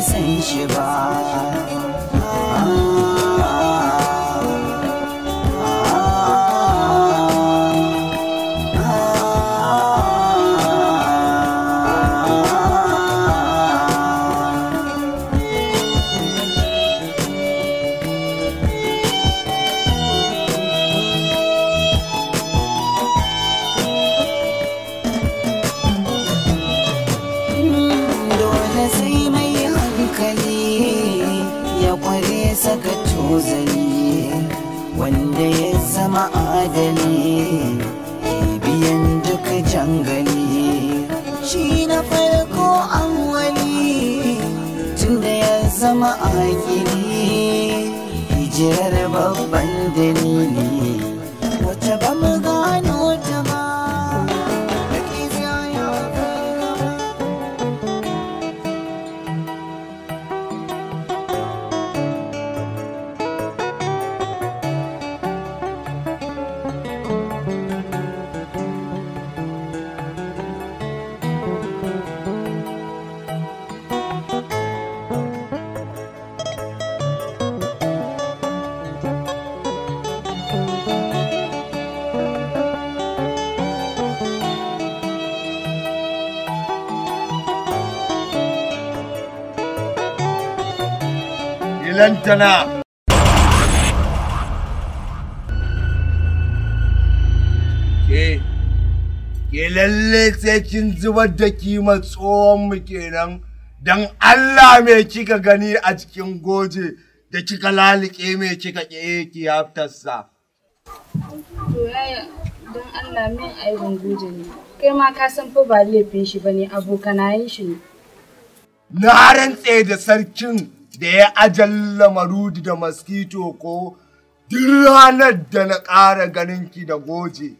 san shi ba wanda ya zama adali lantana ke ke lalle sai kin zubar da kima tsohonmu mu kenan dan Allah me kika gani a cikin goje da kika lalike me kika ke ki haftarsa to yaya dan Allah min aibin goje ne kai ma ka san fa ba laifin shi bane abokanayen shi ne na rantse da sarkin da ya ajalla marudi da maskito ko duk ranar da na ƙara ki da goje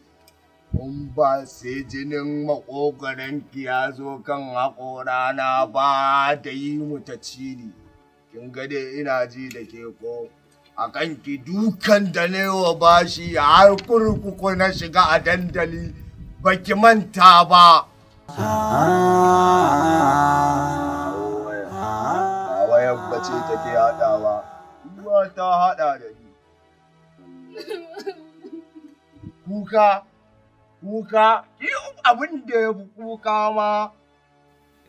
kun ba sai jinin maƙogaranki ya zo kan haƙorana ba da yi mu ta cini kin gade ina ji da ke ko a kanki dukan da newa bashi har kurkuku na shiga a dandali baki manta ba ah. Damuwar ta haɗa da ni. Kuka, kuka, abin da ya fi kuka ma.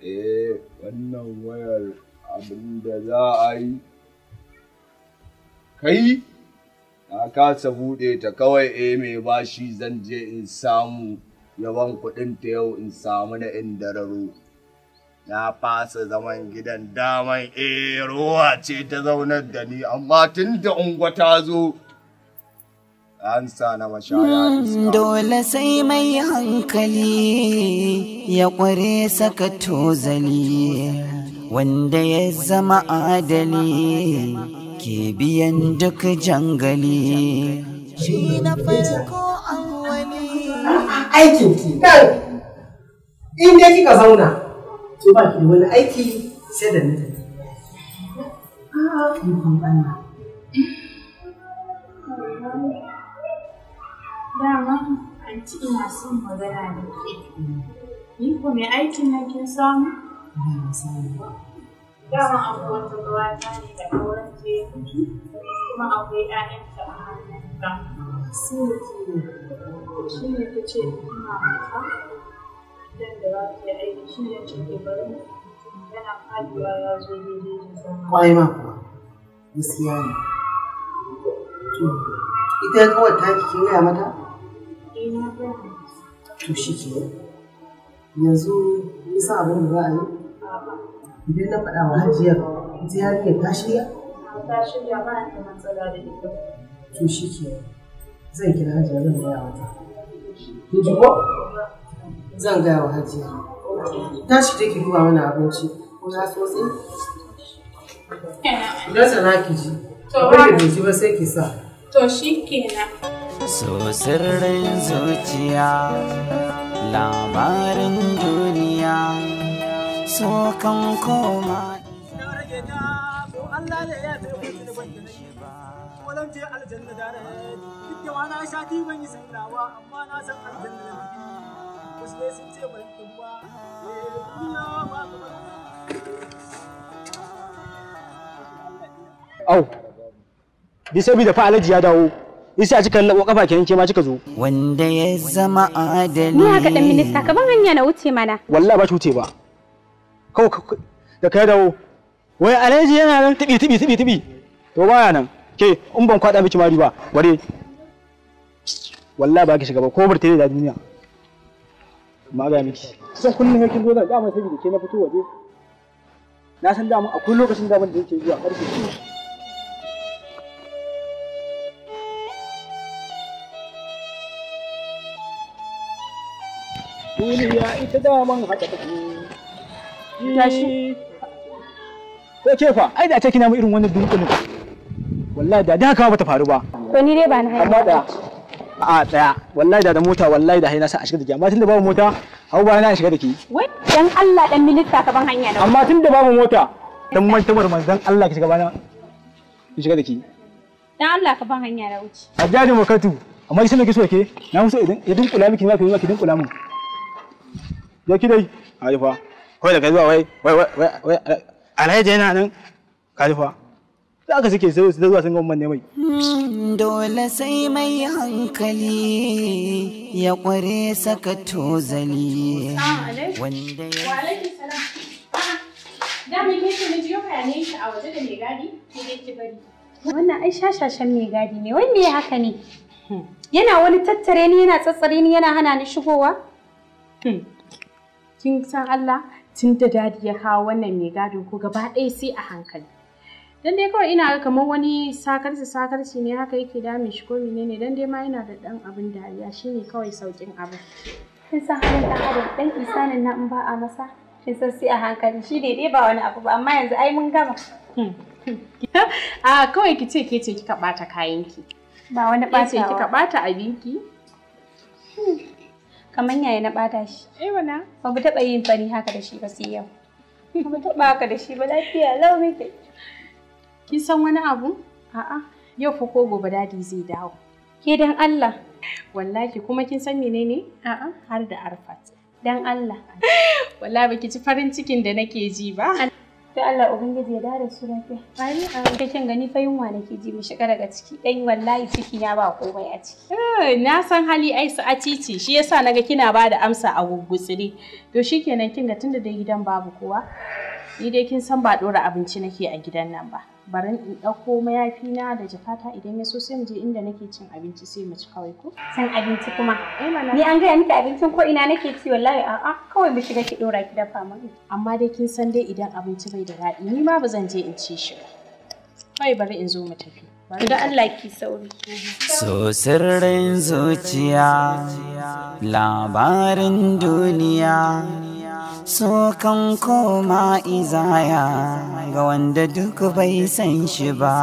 Eh, wannan wayar abin da za a yi. Kai, na kasa buɗe ta kawai eh mai bashi zan je in samu yawan kuɗin ta yau in samu na indararo. na fasa zaman gidan daman eh ruwa ce ta zaunar da ni amma tun da unguwa ta zo an sa na mashaya dole sai mai hankali ya kware saka tozali wanda ya zama adali ke biyan duk jangali shi na farko an wani aikin ki in dai kika zauna ke ba ki wani aiki sai da ni tafi. Ikon Allah. Dama anti magana da ke. Ni ko mai aikin na samu? Ba ba. Dama ne da auren akwai ‘ya'yanta a ta ce ina Kwaye ma kuwa, gaskiya ne. Ita kawai ta ki eh, gaya mata? To shi ke yanzu nisan abin da za a yi? Idan na faɗa wa hajiyar, ita yarinyar ta shirya? Ta shirya ba ni matsala da ita. To shi ke zan kira hajiyar zan gaya mata. Kin zan gaya wa hajiya tashi take duba mana abinci ko za su wasu idan sana ki ji abin da ji ba sai ki sa to shi kenan so sirrin zuciya labarin duniya so kan koma Allah ne ya walam je aljanna da duk da wani sha ban yi sannawa amma na san aljanna au di sai da fa alaji ya dawo isa a cikin labo kafa kenan ke ma cika zo wanda ya zama adali ni haka dan minista ka ban hanya na wuce mana wallahi ba wuce ba Kau da ka dawo wai alaji yana nan tibi tibi tibi tibi to baya nan ke in ban kwada miki mari ba bare wallahi ba ki shiga ba ko burtani da duniya ma ga miki san kullum sai kin zo da dama sai ke na fito waje na san dama akwai lokacin dama da yake zuwa karfe 2 duniya ita daman haka take tashi ko ke fa ai da take na mu irin wannan dunkulin wallahi da da haka ba ta faru ba Ko ni dai ba na amma da a tsaya wallahi da da mota wallahi da haina sa a shiga da ke amma tunda babu mota hau ba na shiga da ke wai dan Allah dan minista ka ban hanya da amma tunda babu mota dan mantabar manzon Allah ki shiga bana ki shiga da ke dan Allah ka ban hanya da wuce ajjadi makatu amma sai nake so ke na musu idan ya dinkula miki ma ki dinkula min ya ki dai halifa kai da kai zuwa wai wai wai alhaji yana nan kalifa za ka suke sai da zuwa sun gama ne mai. Hmm, dole sai mai hankali ya kware saka tozali. Wanda ya. Da ke ce jiyo kayanin shi a waje da mai gadi sai bari. Wannan ai shashashen mai gadi ne wai ya haka ne? Yana wani tattare ni yana tsatsare ni yana hana ni shigowa? Hmm. Kin san Allah tun da dadi ya kawo wannan mai gadi ko gaba ɗaya sai a hankali. dan dai kawai ina ga kamar wani sakarci sakarci ne haka yake dame shi ko menene dan dai ma yana da dan abin dariya shine kawai saukin abu. kin san halin dan adam dan isanin na in ba a masa kin san sai a hankali shi dai-dai ba wani abu ba amma yanzu ai mun gama a ah, kawai ki ce ke ce kika bata kayanki ba wani ce kika bata abinki hmm. kamar yaya na bata shi eh wala ba mu taba yin fari haka da shi ba sai yau ba mu taba haka da shi ba lafiya lau muke kin san wani abu a'a yau fa ko gobe dadi zai dawo ke dan Allah wallahi kuma kin san menene a'a har da arfat dan Allah wallahi baki ci farin cikin da nake ji ba sai Allah ubangiji ya dare su lafiya Bari a kakin gani fa yunwa nake ji mu shiga daga ciki dan wallahi ciki ya ba komai a ciki eh, na san hali ai su a cici shi yasa naga kina ba da amsa a gugutsire to shikenan kin ga tunda da gidan babu kowa ni dai kin san ba dora abinci nake a gidan nan ba Barin in ɗauko mayafi na da jakata idan ya so sai mu je inda nake cin abinci sai mu ci kawai ko. Cin abinci kuma? Eh ni an gaya miki abincin ko ina nake ci wallahi a'a kawai mu shiga ki ɗora ki dafa mun. Amma dai kin san dai idan abinci bai da daɗi ni ma ba zan je in ci shi ba. Kawai bari in zo mu tafi. Da Allah ki sauri. So sirrin zuciya labarin duniya. so kan koma izaya ga wanda duk bai san shi ba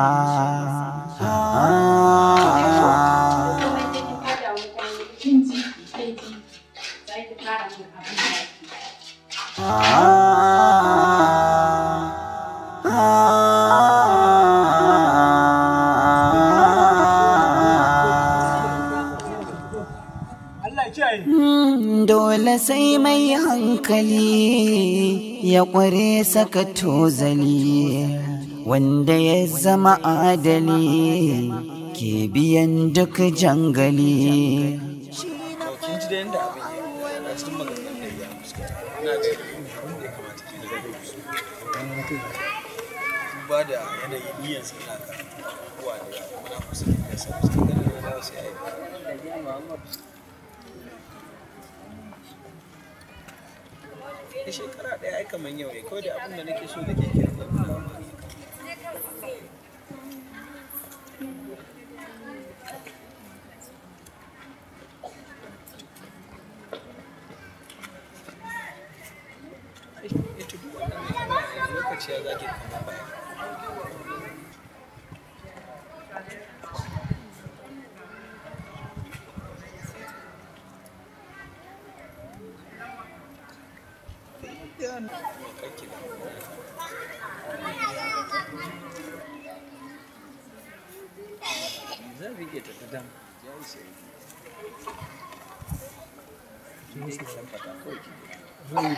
Ah hankali ya ƙware saka tozali wanda ya zama adali ke biyan duk jangali Thank you. da shekara ɗaya ai kamar yau ne kawai da abin da nake so da ke kira Нельзя видеть это, да. Я и середина. Ты не слышал, потом. Жаль,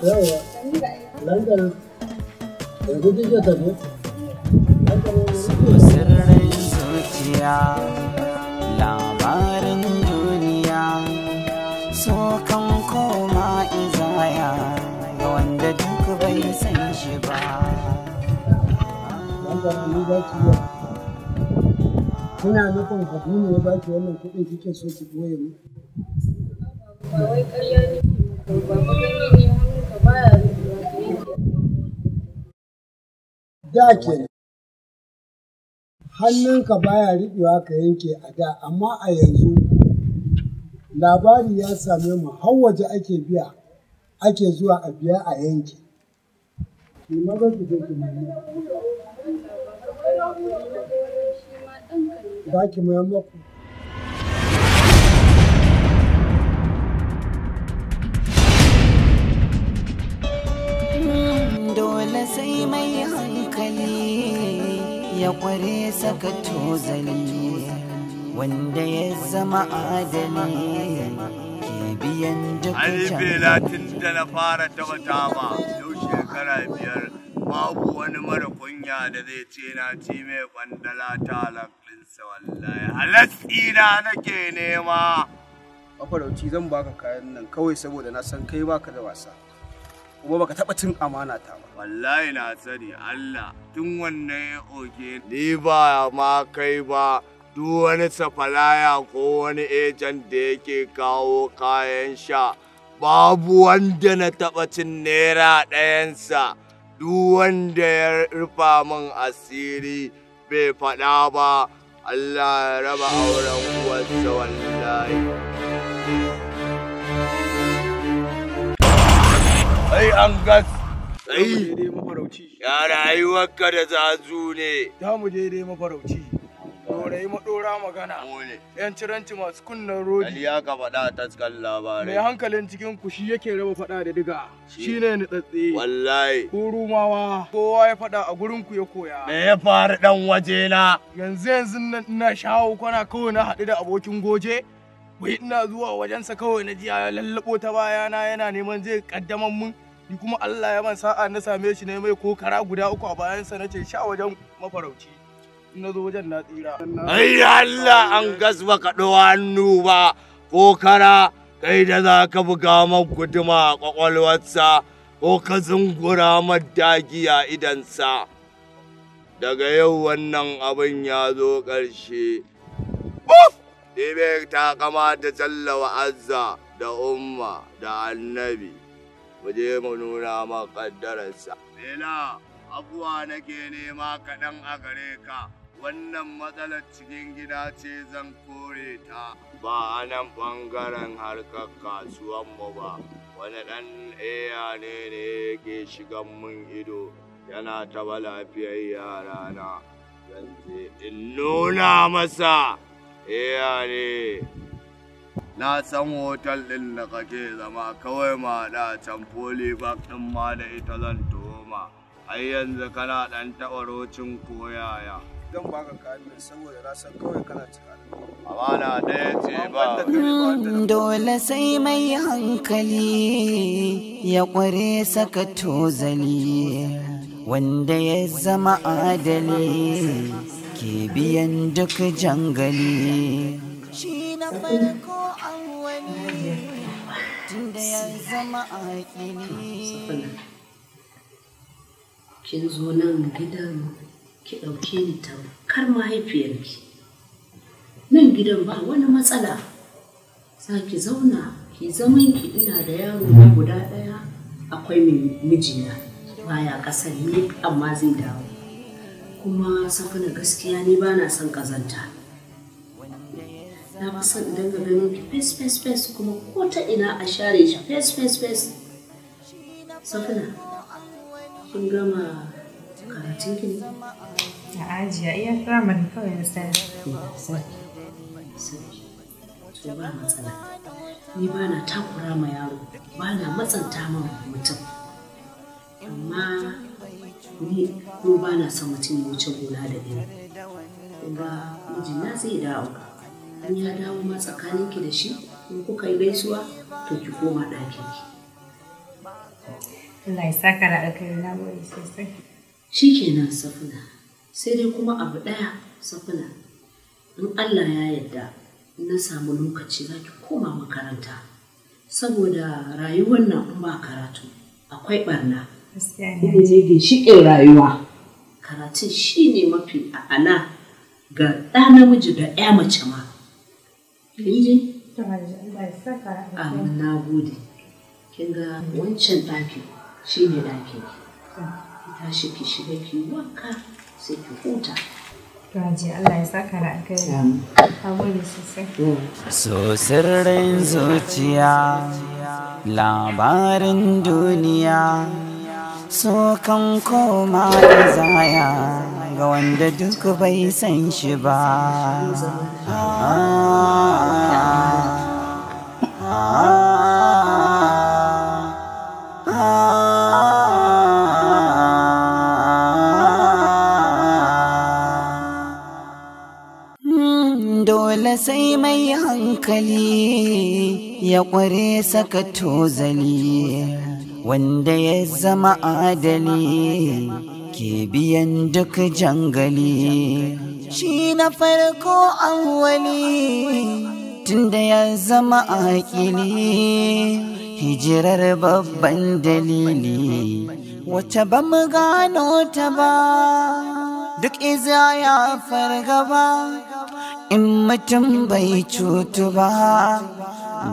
yawa london yanzu duk ya tafi sirrin labarin duniya so kan koma izaya ga wanda duk bai san shi ba Kuna nufin abu ne ba ki wannan kuɗin kike so ki boye Ba wai ƙarya ne, ba ba gani ne da ke hannunka baya riɓewa ka yanke a da amma a yanzu labari ya same mu har waje ake biya ake zuwa a biya a yanke dole sai mai hankali ya kware saka tozali wanda ya zama adali ke biyan duk belatin da na fara taba taba yau shekara biyar babu wani mara kunya da zai ce na ci mai kwandala ta sa. wallahi halatsi na nake nema mafarauci zan baka kayan nan kawai saboda na san kai baka da wasa kuma baka taba cin amana ta ba wallahi na sani Allah tun wannan ya oge ni ba ma kai ba duk wani safalaya ko wani ejan da yake kawo kayan sha babu wanda na taba cin naira ɗayansa duk wanda ya rufa min asiri bai faɗa ba Allah ya raba auren uwarsa wallahi. ai an gas ai ya ka da zazu ne za mu je dai mafarauci dorai madora magana yan ciranci masu kunnan rodi ya ka faɗa taskan labarai mai hankalin cikin ku shi yake raba faɗa da diga shine ni tsatsi. wallahi ko rumawa kowa ya faɗa a gurin ku ya koya me ya faru dan waje na yanzu yanzu nan ina shawo kwana kawai na haɗu da abokin goje wai ina zuwa wajensa kawai na ji ya lallabo ta bayana yana neman zai kaddaman mun ni kuma Allah ya ban sa'a na same shi ne mai ko kara guda uku a bayansa na ce sha wajen mafarauci na zo wajen na tsira ai Allah an gasba ka hannu ba ko kara kai da za ka buga man guduma a kwakwalwarsa ko ka zungura madagi a idansa daga yau wannan abin ya zo ƙarshe. Buf! ibe ta kamata talla wa Azza da Umma da Annabi, mu je mu nuna maƙaddararsa. Bela, abuwa nake nema kaɗan a gare ka, wannan matsalar cikin gida ce zan kore ta. Ba a nan ɓangaren harkar kasuwanmu ba, wani ɗan iya ne ne yake shigan mun ido, yana taɓa lafiyar yarana. Zan je in nuna masa. Iya Na san hotel din da kake zama kawai ma da can polybag ɗin ma da ita zan toma Ai yanzu kana dan taɓa rocin koyaya. Zan baka kamin saboda na san kawai kana cika Amana ɗaya ce ba. Hmm, dole sai mai hankali ya ƙware saka tozali wanda ya zama adali. ke biyan duk jangali shi na farko an wani da ya zama a kin zo nan gidan ki ɗauke ni ta kar mahaifiyarki nan gidan ba wani matsala za ki zauna ki zaman ki ina da yaro guda ɗaya akwai mijina baya ƙasar ne amma zai dawo kuma safina gaskiya ni ba na son kazanta na fi son idan ga ganin face face face kuma ko ta ina a share shi face face face safina kun gama karatun ki ne a ajiya iya firamare kawai na sayar to ba matsala ni ba na takura ma yaro ba na matsanta ma mutum amma ni ko ba na son mutum ya wuce gona da gani kuma mijina zai dawo in ya dawo ma tsakanin ki da shi in kuka yi gaisuwa to ki koma ɗakin ki Allah ya saka da alkhairi na gode sosai shikenan safuna sai dai kuma abu ɗaya safuna in Allah ya yarda na samu lokaci za ki koma makaranta saboda rayuwar nan in ba karatu akwai barna ilimi ginshiƙin rayuwa karatun shi ne mafi a'ala ga ɗa namiji da ya mace ma kinji amin na gode kin ga wancan ɗaki shi ne ɗaki shi ki shiga ki wanka sai ki huta Raji Allah ya saka da aka So sirrin zuciya, labarin duniya, so kan koma zaya ga wanda duk bai san shi ba dole sai mai hankali ya kware saka tozali wanda ya zama adali ke biyan duk jangali shi na farko awwali tunda ya zama aƙili hijirar babban dalili wacce ba mu gano ta ba duk iza ya fargaba in mutum bai cutu ba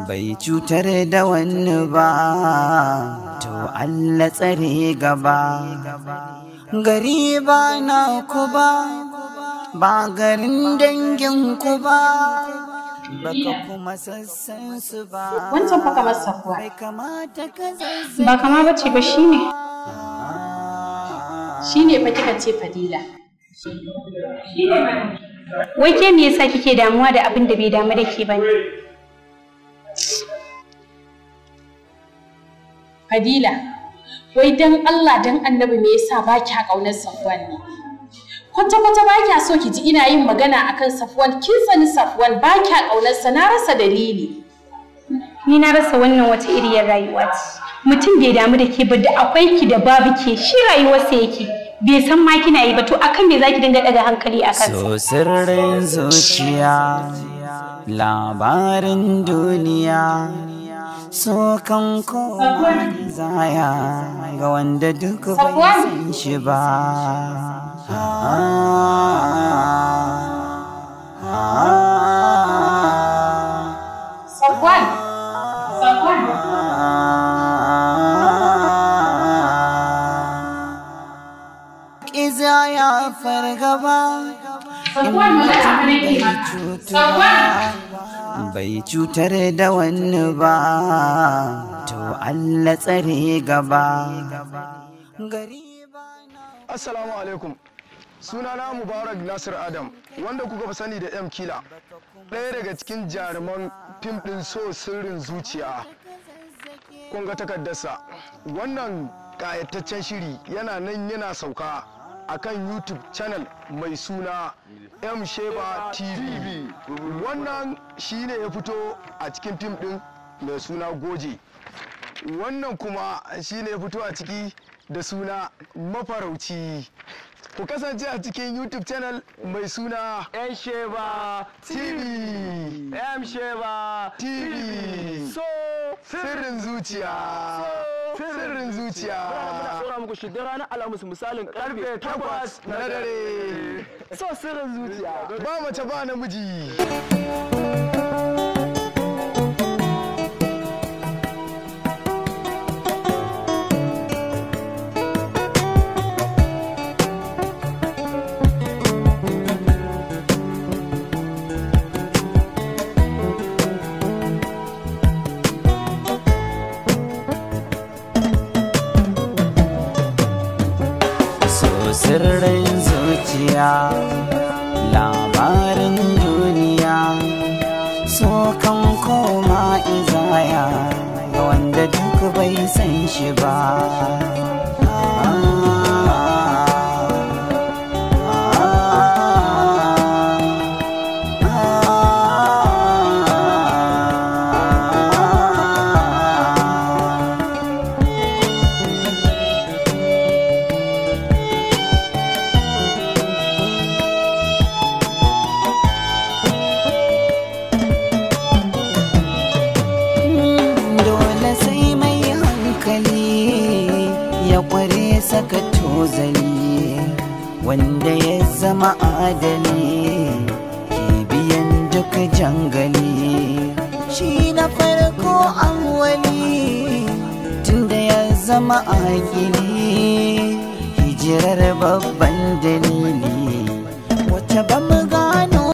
bai cutar da wani ba to Allah tsare gaba gari ba na ku ba ba garin dangin ku ba baka kuma sassan su ba wancan baka masa kuwa ba kama ce ba shi ne fa kika ce fadila wai ke me yasa kike damuwa da abin da bai damu da ke ba ne? Fadila, wai don Allah don annabi me yasa ba kya ƙaunar safuwan ne? Kwata-kwata ba kya so ki ji ina yin magana a kan safuwan, kin sani safuwan ba kya ƙaunarsa na rasa dalili. Ni na rasa wannan wata iriyar rayuwa ce. Mutum bai damu da ke ba da akwai ki da babu ke shi rayuwarsa yake. Bai san ma kina yi ba to akan me zaki dinga daga hankali a kansa. So zuciya labarin duniya so kan kowa zaya ga wanda duk bai san shi ba Safwan! Safwan! Iza ya fargaba, in mutum cutu cutuwa. bai cutar da wani ba to Allah tsare gaba Assalamu alaikum Suna sunana Mubarak Nasir Adam wanda kuka fi sani da M Kila ɗaya daga cikin jaruman fim ɗin so sirrin zuciya Kunga ga takardarsa wannan ƙayataccen shiri yana nan yana sauka akan youtube channel mai suna m sheba tv wannan shine ya fito a cikin fim din mai suna goje wannan kuma shine ya fito a ciki da suna mafarauci ku kasance a cikin youtube channel mai suna M sheba tv M sheba tv so sirrin zuciya so, sirrin zuciya muna saura muku shi da ranar alhamis misalin karfe takwas na dare so sirrin zuciya ba mace ba namiji haƙi ne hijirar babba